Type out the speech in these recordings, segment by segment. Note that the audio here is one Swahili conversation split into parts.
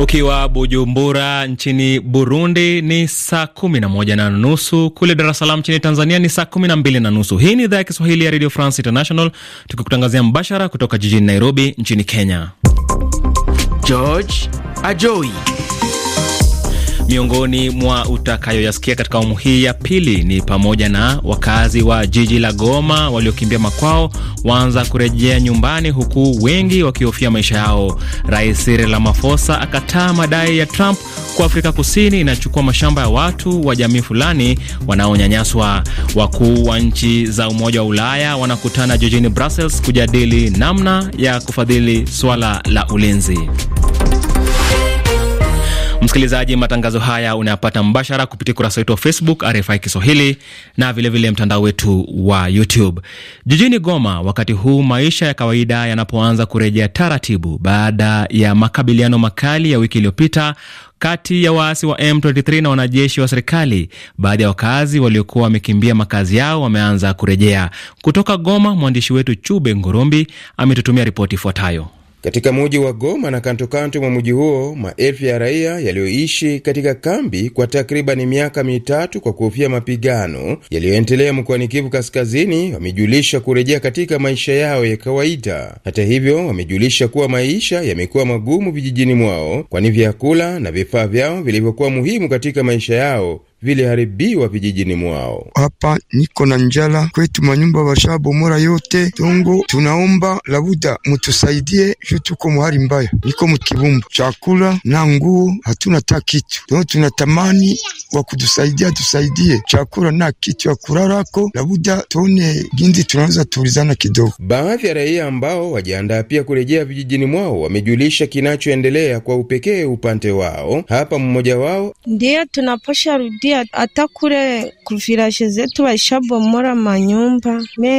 Ukiwa Bujumbura nchini Burundi ni saa kumi na moja na nusu, kule Dar es Salaam nchini Tanzania ni saa kumi na mbili na nusu. Hii ni idhaa ya Kiswahili ya Radio France International tukikutangazia mbashara kutoka jijini Nairobi nchini Kenya. George Ajoi Miongoni mwa utakayoyasikia katika awamu hii ya pili ni pamoja na wakazi wa jiji la Goma waliokimbia makwao waanza kurejea nyumbani, huku wengi wakihofia maisha yao. Rais Cyril Ramaphosa akataa madai ya Trump kwa Afrika Kusini inachukua mashamba ya watu wa jamii fulani wanaonyanyaswa. Wakuu wa nchi za Umoja wa Ulaya wanakutana jijini Brussels kujadili namna ya kufadhili swala la ulinzi. Msikilizaji, matangazo haya unayapata mbashara kupitia ukurasa wetu wa Facebook RFI Kiswahili na vilevile mtandao wetu wa YouTube. Jijini Goma, wakati huu maisha ya kawaida yanapoanza kurejea taratibu baada ya makabiliano makali ya wiki iliyopita kati ya waasi wa M23 na wanajeshi wa serikali, baadhi ya wakazi waliokuwa wamekimbia makazi yao wameanza kurejea. Kutoka Goma, mwandishi wetu Chube Ngorombi ametutumia ripoti ifuatayo katika muji wa Goma na kantokanto mwa muji huo, maelfu ya raia yaliyoishi katika kambi kwa takribani miaka mitatu kwa kuhofia mapigano yaliyoendelea mkoani Kivu Kaskazini wamejulisha kurejea katika maisha yao ya kawaida. Hata hivyo, wamejulisha kuwa maisha yamekuwa magumu vijijini mwao, kwani vyakula na vifaa vyao vilivyokuwa muhimu katika maisha yao viliharibiwa vijijini mwao. Hapa niko na njala kwetu, manyumba washabomora yote tongo Tunaomba labuda mutusaidie, juu tuko muhari mbaya, niko mukibumba, chakula na nguo hatuna ta kitu. tono tunatamani wa kutusaidia, tusaidie chakula na kitu ya kurarako, labuda tuone gindi tunaweza tuulizana kidogo. Baadhi ya raia ambao wajiandaa pia kurejea vijijini mwao wamejulisha kinachoendelea kwa upekee upande wao. Hapa mmoja wao: ndio tunaposha rudi atakure “Ata kule kuvilaje zetu waisha manyumba me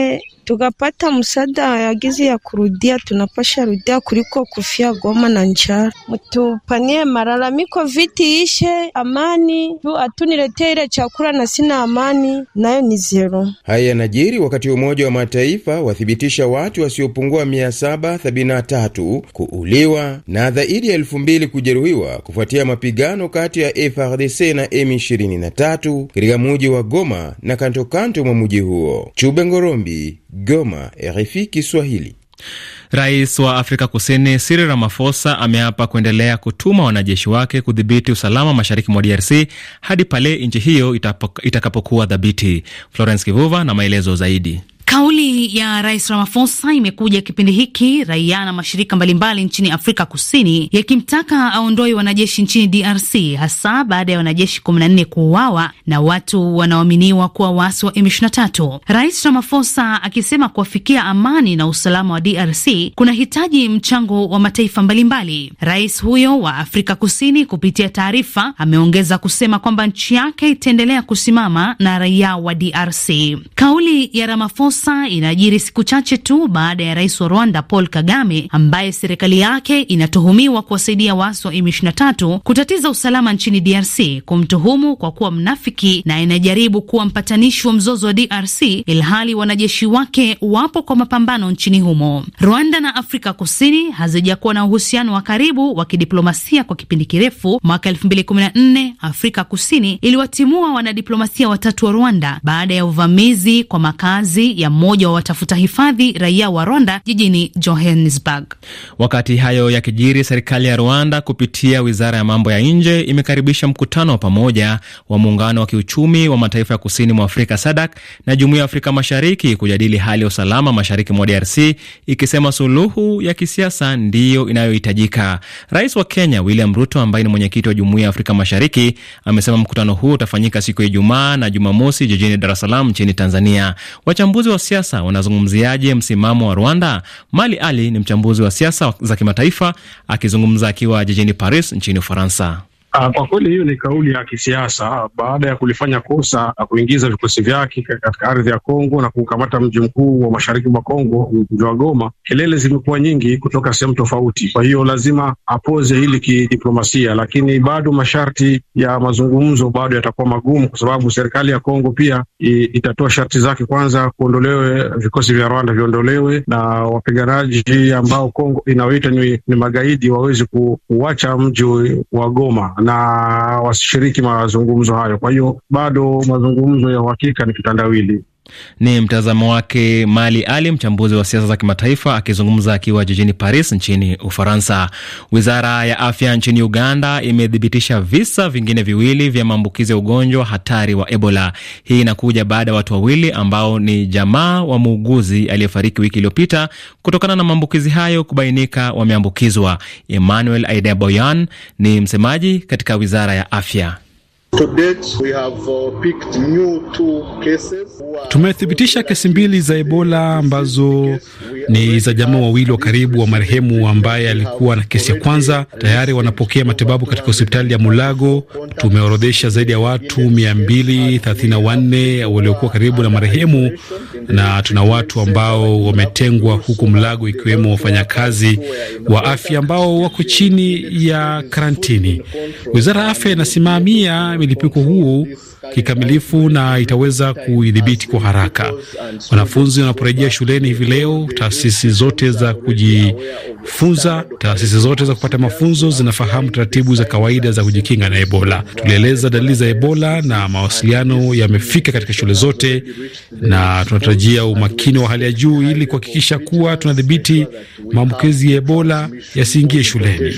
tukapata msaada ya gizi ya kurudia, tunapasha rudia kuliko kufia goma na njara. Mtupanie malalamiko, viti ishe, amani tu, atuniletee ile chakula na sina amani nayo ni zero. Haya yanajiri wakati Umoja wa Mataifa wathibitisha watu wasiopungua 773 kuuliwa na zaidi ya mbili kujeruhiwa kufuatia mapigano kati ya FRDC na M23 katika muji wa Goma na kantokanto mwa muji huo. Chube Ngorombi, Goma, RFI Kiswahili. Rais wa Afrika Kusini Cyril Ramaphosa ameapa kuendelea kutuma wanajeshi wake kudhibiti usalama mashariki mwa DRC hadi pale nchi hiyo itakapokuwa dhabiti. Florence Kivuva na maelezo zaidi. Kauli ya Rais Ramaphosa imekuja kipindi hiki raia na mashirika mbalimbali nchini Afrika Kusini yakimtaka aondoe wanajeshi nchini DRC, hasa baada ya wanajeshi 14 kuuawa na watu wanaoaminiwa kuwa waasi wa M23. Rais Ramaphosa akisema kuwafikia amani na usalama wa DRC kuna hitaji mchango wa mataifa mbalimbali. Rais huyo wa Afrika Kusini kupitia taarifa ameongeza kusema kwamba nchi yake itaendelea kusimama na raia wa DRC. Kauli ya Ramaphosa Ufaransa inajiri siku chache tu baada ya rais wa Rwanda Paul Kagame ambaye serikali yake inatuhumiwa kuwasaidia waasi wa M23 kutatiza usalama nchini DRC kumtuhumu kwa kuwa mnafiki na inajaribu kuwa mpatanishi wa mzozo wa DRC ilhali wanajeshi wake wapo kwa mapambano nchini humo. Rwanda na Afrika Kusini hazijakuwa na uhusiano wa karibu wa kidiplomasia kwa kipindi kirefu. Mwaka 2014 Afrika Kusini iliwatimua wanadiplomasia watatu wa Rwanda baada ya uvamizi kwa makazi ya mmoja wa watafuta hifadhi raia wa Rwanda jijini Johannesburg. Wakati hayo yakijiri, serikali ya Rwanda kupitia wizara ya mambo ya nje imekaribisha mkutano wa pamoja wa muungano wa kiuchumi wa mataifa ya kusini mwa Afrika SADAK na jumuiya ya Afrika Mashariki kujadili hali ya usalama mashariki mwa DRC, ikisema suluhu ya kisiasa ndiyo inayohitajika. Rais wa Kenya William Ruto ambaye ni mwenyekiti wa jumuiya ya Afrika Mashariki amesema mkutano huu utafanyika siku ya Ijumaa na Jumamosi jijini Dar es Salaam nchini Tanzania. Wachambuzi wa wa siasa wanazungumziaje msimamo wa Rwanda? Mali Ali ni mchambuzi wa siasa za kimataifa akizungumza akiwa jijini Paris nchini Ufaransa. Ah, kwa kweli hiyo ni kauli ya kisiasa baada ya kulifanya kosa la kuingiza vikosi vyake katika ardhi ya Kongo na kukamata mji mkuu wa mashariki mwa Kongo, mji wa Goma. Kelele zimekuwa nyingi kutoka sehemu tofauti, kwa hiyo lazima apoze hili kidiplomasia, lakini bado masharti ya mazungumzo bado yatakuwa magumu, kwa sababu serikali ya Kongo pia itatoa sharti zake. Kwanza kuondolewe vikosi vya Rwanda, viondolewe na wapiganaji ambao Kongo inawaita ni, ni magaidi waweze kuacha mji wa Goma na wasishiriki mazungumzo hayo. Kwa hiyo bado mazungumzo ya uhakika ni kitandawili. Ni mtazamo wake Mali Ali, mchambuzi wa siasa za kimataifa, akizungumza akiwa jijini Paris nchini Ufaransa. Wizara ya afya nchini Uganda imethibitisha visa vingine viwili vya maambukizi ya ugonjwa hatari wa Ebola. Hii inakuja baada ya watu wawili ambao ni jamaa wa muuguzi aliyefariki wiki iliyopita kutokana na maambukizi hayo kubainika wameambukizwa. Emmanuel Aideboyan ni msemaji katika wizara ya afya. Uh, Tumethibitisha kesi mbili za Ebola ambazo ni za jamaa wawili wa karibu wa marehemu ambaye alikuwa na kesi ya kwanza. Tayari wanapokea matibabu katika hospitali ya Mulago. Tumeorodhesha zaidi ya watu 234 waliokuwa karibu na marehemu na tuna watu ambao wametengwa huku Mulago, ikiwemo wafanyakazi wa afya ambao wako chini ya karantini. Wizara ya Afya inasimamia milipuko huu kikamilifu na itaweza kuidhibiti kwa haraka. Wanafunzi wanaporejea shuleni hivi leo, taasisi zote za kujifunza, taasisi zote za kupata mafunzo zinafahamu taratibu za kawaida za kujikinga na Ebola. Tulieleza dalili za Ebola na mawasiliano yamefika katika shule zote, na tunatarajia umakini wa hali ya juu ili kuhakikisha kuwa tunadhibiti maambukizi ya Ebola yasiingie shuleni.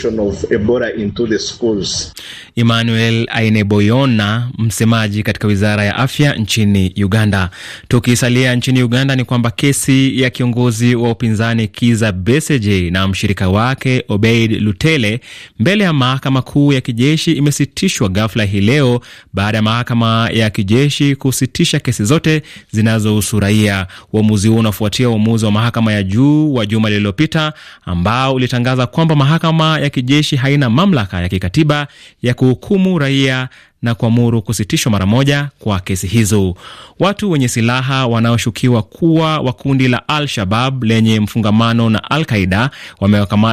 Emmanuel Aineboyona, msemaji katika wizara ya afya nchini Uganda. Tukisalia nchini Uganda, ni kwamba kesi ya kiongozi wa upinzani Kiza Besigye na mshirika wake Obeid Lutele mbele ya mahakama kuu ya kijeshi imesitishwa ghafla hii leo baada ya mahakama ya kijeshi kusitisha kesi zote zinazohusu raia. Uamuzi huo unafuatia uamuzi wa mahakama ya juu wa juma lililopita ambao ulitangaza kwamba mahakama ya kijeshi haina mamlaka ya kikatiba ya kuhukumu raia na kuamuru kusitishwa mara moja kwa kesi hizo. Watu wenye silaha wanaoshukiwa kuwa wa kundi la Al-Shabab lenye mfungamano na Al-Qaida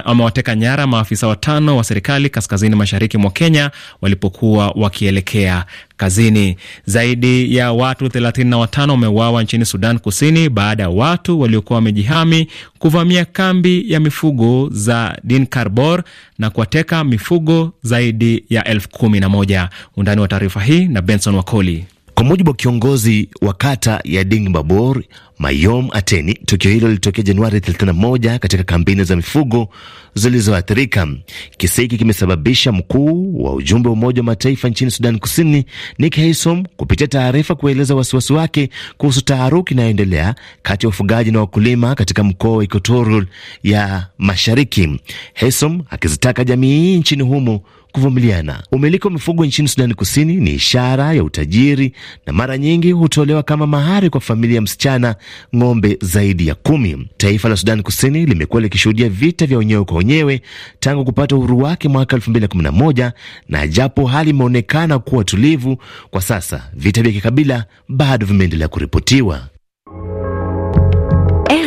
wamewateka nyara maafisa watano wa serikali kaskazini mashariki mwa Kenya walipokuwa wakielekea kazini. Zaidi ya watu 35 wameuawa nchini Sudan Kusini baada ya watu waliokuwa wamejihami kuvamia kambi ya mifugo za Dinkarbor na kuwateka mifugo zaidi ya elfu kumi na moja. Undani wa taarifa hii na Benson Wakoli. Kwa mujibu wa kiongozi wa kata ya dingbabor Mayom Ateni, tukio hilo lilitokea Januari 31 katika kampeni za mifugo zilizoathirika. Kisa hiki kimesababisha mkuu wa ujumbe wa Umoja wa Mataifa nchini Sudan Kusini Nick Haysom kupitia taarifa kueleza wasiwasi wake kuhusu taharuki inayoendelea kati ya wafugaji na wakulima katika mkoa wa Equatorial ya Mashariki, Haysom akizitaka jamii nchini humo kuvumiliana. Umiliki wa mifugo nchini Sudani Kusini ni ishara ya utajiri na mara nyingi hutolewa kama mahari kwa familia ya msichana ng'ombe zaidi ya kumi. Taifa la Sudani Kusini limekuwa likishuhudia vita vya wenyewe kwa wenyewe tangu kupata uhuru wake mwaka 2011 na japo hali imeonekana kuwa tulivu kwa sasa, vita vya kikabila bado vimeendelea kuripotiwa.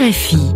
RFI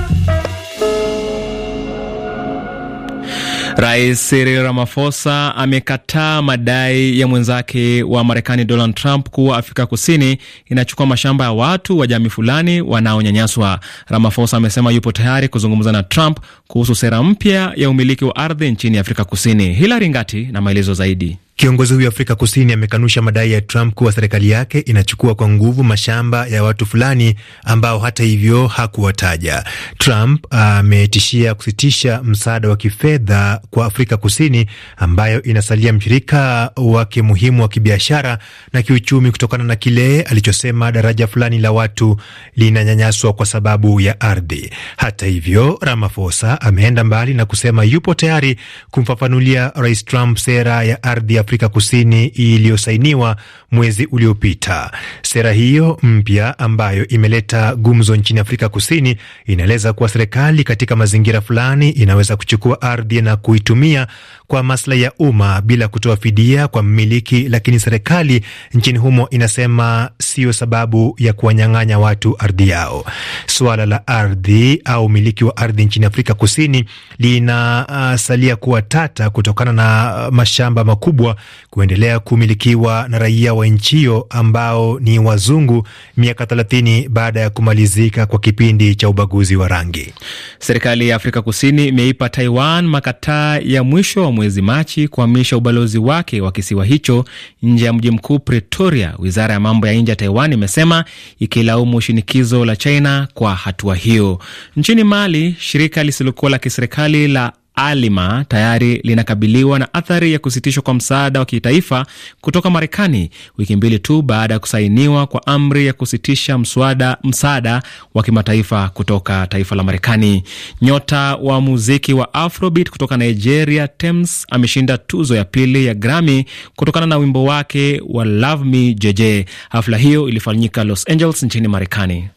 Rais Cyril Ramaphosa amekataa madai ya mwenzake wa Marekani Donald Trump kuwa Afrika Kusini inachukua mashamba ya watu wa jamii fulani wanaonyanyaswa. Ramaphosa amesema yupo tayari kuzungumza na Trump kuhusu sera mpya ya umiliki wa ardhi nchini Afrika Kusini. Hilari Ngati na maelezo zaidi. Kiongozi huyo Afrika Kusini amekanusha madai ya Trump kuwa serikali yake inachukua kwa nguvu mashamba ya watu fulani ambao hata hivyo hakuwataja. Trump ah, ametishia kusitisha msaada wa kifedha kwa Afrika Kusini ambayo inasalia mshirika wake muhimu wa kibiashara na kiuchumi kutokana na kile alichosema daraja fulani la watu linanyanyaswa kwa sababu ya ardhi. Hata hivyo, Ramaphosa ameenda mbali na kusema yupo tayari kumfafanulia Rais Trump sera ya ardhi Afrika Kusini iliyosainiwa mwezi uliopita. Sera hiyo mpya ambayo imeleta gumzo nchini Afrika Kusini inaeleza kuwa serikali katika mazingira fulani inaweza kuchukua ardhi na kuitumia kwa maslahi ya umma bila kutoa fidia kwa mmiliki, lakini serikali nchini humo inasema siyo sababu ya kuwanyang'anya watu ardhi yao. Suala la ardhi au umiliki wa ardhi nchini Afrika Kusini linasalia kuwa tata kutokana na mashamba makubwa kuendelea kumilikiwa na raia wa nchi hiyo ambao ni wazungu miaka 30 baada ya kumalizika kwa kipindi cha ubaguzi wa rangi. Serikali ya Afrika Kusini imeipa Taiwan makataa ya mwisho wa mwezi Machi kuhamisha ubalozi wake wa kisiwa hicho nje ya mji mkuu Pretoria, wizara ya mambo ya nje ya Taiwan imesema ikilaumu shinikizo la China kwa hatua hiyo. Nchini Mali, shirika lisilokuwa la kiserikali la Alima tayari linakabiliwa na athari ya kusitishwa kwa msaada wa kitaifa kutoka Marekani wiki mbili tu baada ya kusainiwa kwa amri ya kusitisha mswada, msaada wa kimataifa kutoka taifa la Marekani. Nyota wa muziki wa Afrobeat kutoka Nigeria, Tems ameshinda tuzo ya pili ya Grammy kutokana na wimbo wake wa Love Me JJ. Hafla hiyo ilifanyika Los Angeles nchini Marekani.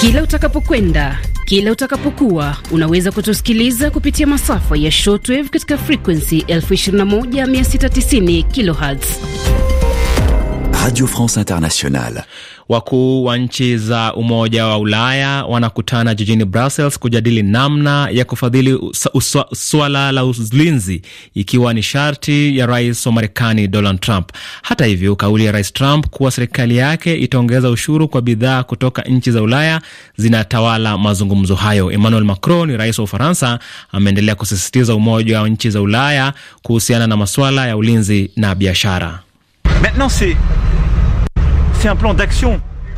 Kila utakapokwenda kila utakapokuwa unaweza kutusikiliza kupitia masafa ya shortwave katika frequency 21690 kilohertz. Radio France Internationale. Wakuu wa nchi za Umoja wa Ulaya wanakutana jijini Brussels kujadili namna ya kufadhili suala la ulinzi, ikiwa ni sharti ya rais wa Marekani Donald Trump. Hata hivyo, kauli ya rais Trump kuwa serikali yake itaongeza ushuru kwa bidhaa kutoka nchi za Ulaya zinatawala mazungumzo hayo. Emmanuel Macron, rais wa Ufaransa, ameendelea kusisitiza umoja wa nchi za Ulaya kuhusiana na masuala ya ulinzi na biashara.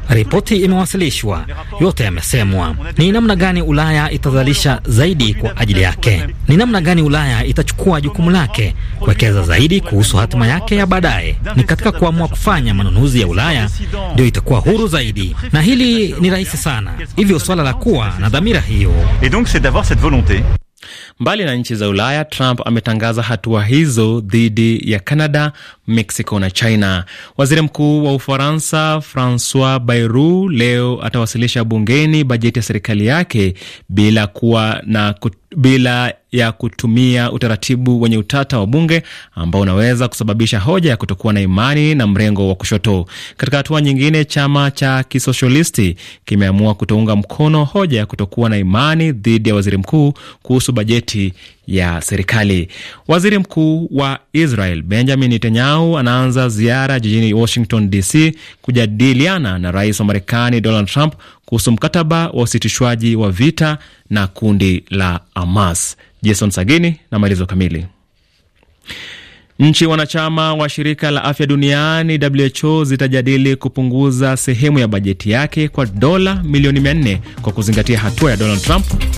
Ripoti imewasilishwa, yote yamesemwa. Ni namna gani Ulaya itazalisha zaidi kwa ajili yake, ni namna gani Ulaya itachukua jukumu lake kuwekeza zaidi kuhusu hatima yake ya baadaye. Ni katika kuamua kufanya manunuzi ya Ulaya ndio itakuwa huru zaidi, na hili ni rahisi sana. Hivyo swala la kuwa na dhamira hiyo Mbali na nchi za Ulaya, Trump ametangaza hatua hizo dhidi ya Canada, Mexico na China. Waziri mkuu wa Ufaransa Francois Bayrou leo atawasilisha bungeni bajeti ya serikali yake bila kuwa na bila ya kutumia utaratibu wenye utata wa bunge ambao unaweza kusababisha hoja ya kutokuwa na imani na mrengo wa kushoto. Katika hatua nyingine, chama cha kisoshalisti kimeamua kutounga mkono hoja ya kutokuwa na imani dhidi ya waziri mkuu kuhusu bajeti ya serikali. Waziri mkuu wa Israel Benjamin Netanyahu anaanza ziara jijini Washington DC kujadiliana na rais wa Marekani Donald Trump kuhusu mkataba wa usitishwaji wa vita na kundi la Hamas. Jason Sagini na maelezo kamili. Nchi wanachama wa shirika la afya duniani WHO zitajadili kupunguza sehemu ya bajeti yake kwa dola milioni 400 kwa kuzingatia hatua ya Donald Trump